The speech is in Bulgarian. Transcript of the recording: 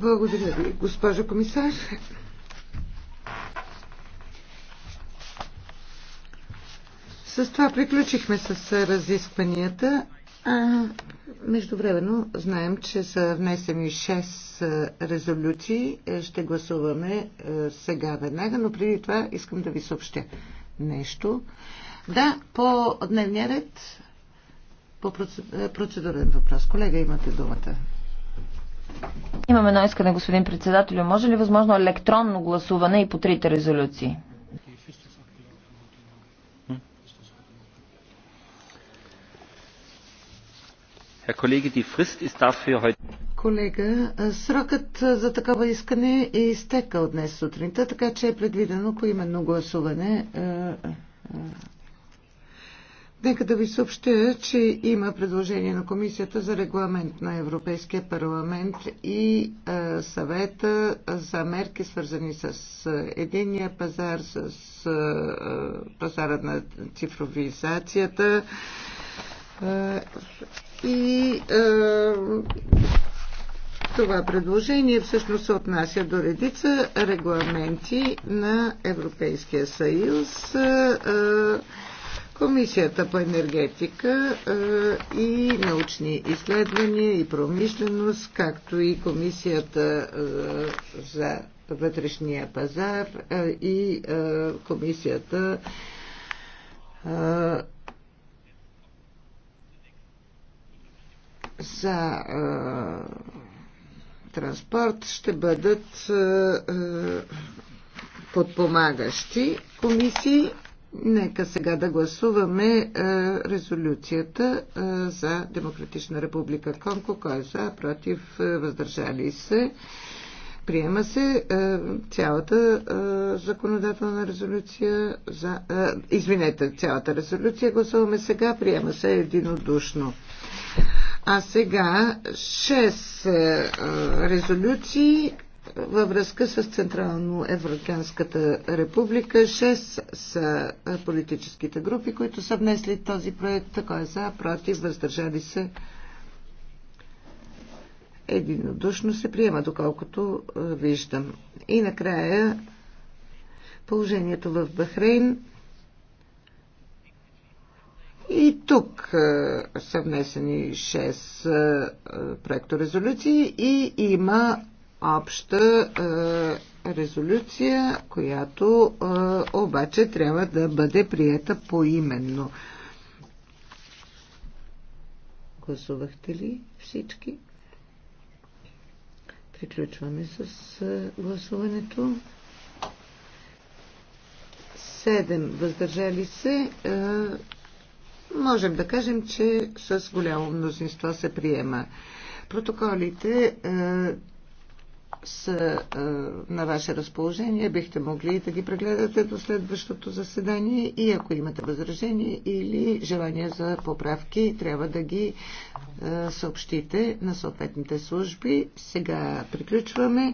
Благодаря ви, госпожо комисар. С това приключихме с разискванията. А, междувременно знаем, че са внесени 6 резолюции. Е, ще гласуваме е, сега веднага, но преди това искам да ви съобщя нещо. Да, по дневния ред, по процедурен въпрос. Колега, имате думата. Имаме едно искане, господин председател. Може ли възможно електронно гласуване и по трите резолюции? Колега, срокът за такова искане е изтекал днес сутринта, така че е предвидено поименно гласуване Нека да ви съобщя, че има предложение на Комисията за регламент на Европейския парламент и е, съвета за мерки, свързани с единния пазар, с е, пазара на цифровизацията е, и е, това предложение всъщност се отнася до редица регламенти на Европейския съюз. Е, Комисията по енергетика е, и научни изследвания и промишленост, както и Комисията е, за вътрешния пазар е, и Комисията за транспорт ще бъдат подпомагащи комисии. Нека сега да гласуваме е, резолюцията е, за Демократична република Конко. Кой е за, против, е, въздържали се. Приема се е, цялата е, законодателна резолюция за... Е, извинете, цялата резолюция гласуваме сега. Приема се единодушно. А сега 6 е, резолюции във връзка с централно европейската република. Шест са политическите групи, които са внесли този проект. Кой е за, против, въздържали се. Единодушно се приема, доколкото е, виждам. И накрая положението в Бахрейн. И тук е, са внесени 6 е, проекторезолюции и има обща е, резолюция, която е, обаче трябва да бъде приета поименно. Гласувахте ли всички? Приключваме с е, гласуването. 7 въздържали се. Можем да кажем, че с голямо мнозинство се приема. Протоколите са а, на ваше разположение. Бихте могли да ги прегледате до следващото заседание и ако имате възражение или желание за поправки, трябва да ги а, съобщите на съответните служби. Сега приключваме.